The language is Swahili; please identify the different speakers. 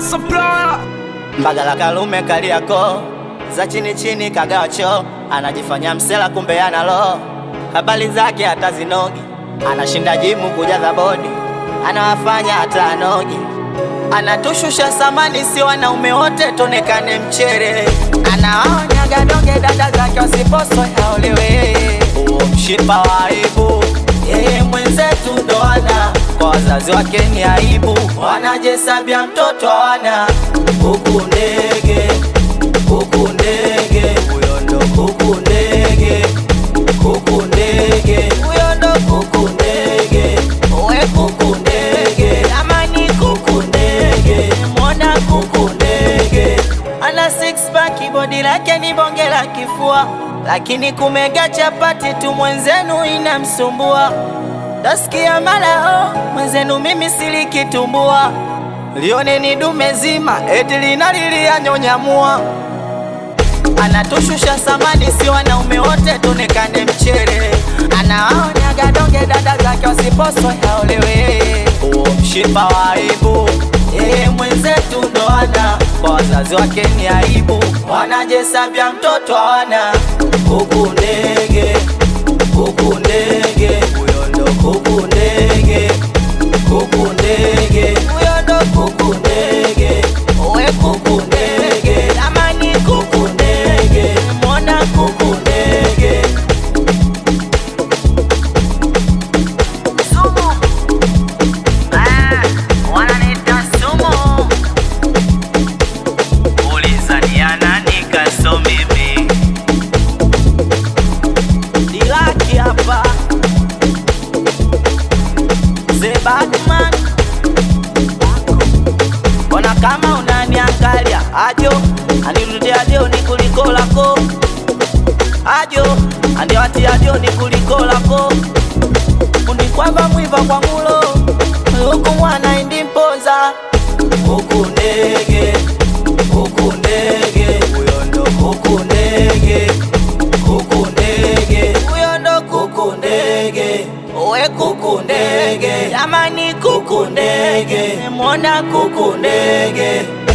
Speaker 1: Supply Mbagala Kalume yako za chini chini kagacho anajifanya msela kumbe ana roho habari zake hata zinogi anashinda jimu kujaza bodi anawafanya hata anogi anatushusha samani si wanaume wote tonekane mchere anaonya gadoge dada zake wasiposwe aolewe mshipa wa aibu yeye mwenzetu ndo wazazi wake ni aibu, wanajesabia mtoto ana huku ndege huku ndege huyo ndo huku ndege huku ndege huyo ndo huku ndege we huku ndege amani huku ndege mona huku ndege ana six pack body lake ni bonge la kifua, lakini kumega chapati tu mwenzenu inamsumbua. Tasikia malao mwenzenu, mimi silikitumbua, lioneni dume zima, eti linalilia nyonyamua. Anatushusha samani, si wanaume wote tunekande mchere, anawaonyaga donge dada zake wasiposwe haolewe. Uo mshipa wa aibu, yeye mwenzetu ndoana, kwa wazazi wake ni aibu, wanajesabya mtoto wana huku ndege
Speaker 2: Ajo ajo ni kuliko lako, Ajo ajo ni kuliko lako, unikwamba mwiva kwa mulo huku mwana indi mponza huku ndege huku ndege huyo huku ndege huku ndege huyo kuku ndege we kuku ndege jamani kuku ndege mona kuku ndege